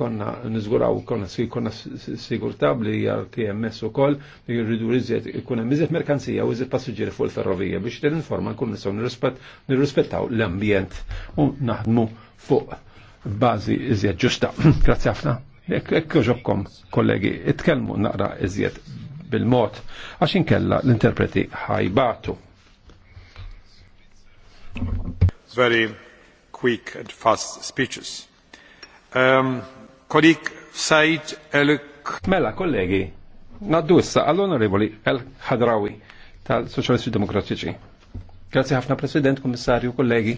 konna nizguraw konna konna sigurtabli hija TMS ukoll li jirridu rizziet ikun mizziet merkanzija u jizziet passiġġieri fuq il-ferrovija biex t-informa nkun nistgħu nirrispettaw l-ambjent u naħdmu fuq bazi iżjed ġusta. Grazzi ħafna. Ekk kollegi, itkelmu naqra iżjed bil-mod għax inkella l-interpreti ħajbatu. Very quick and fast speeches. Um, Kolik Mela, kollegi, naddu issa għall-onorevoli El Hadrawi tal-Soċjalisti Demokratiċi. Grazie ħafna President, Kommissarju, kollegi.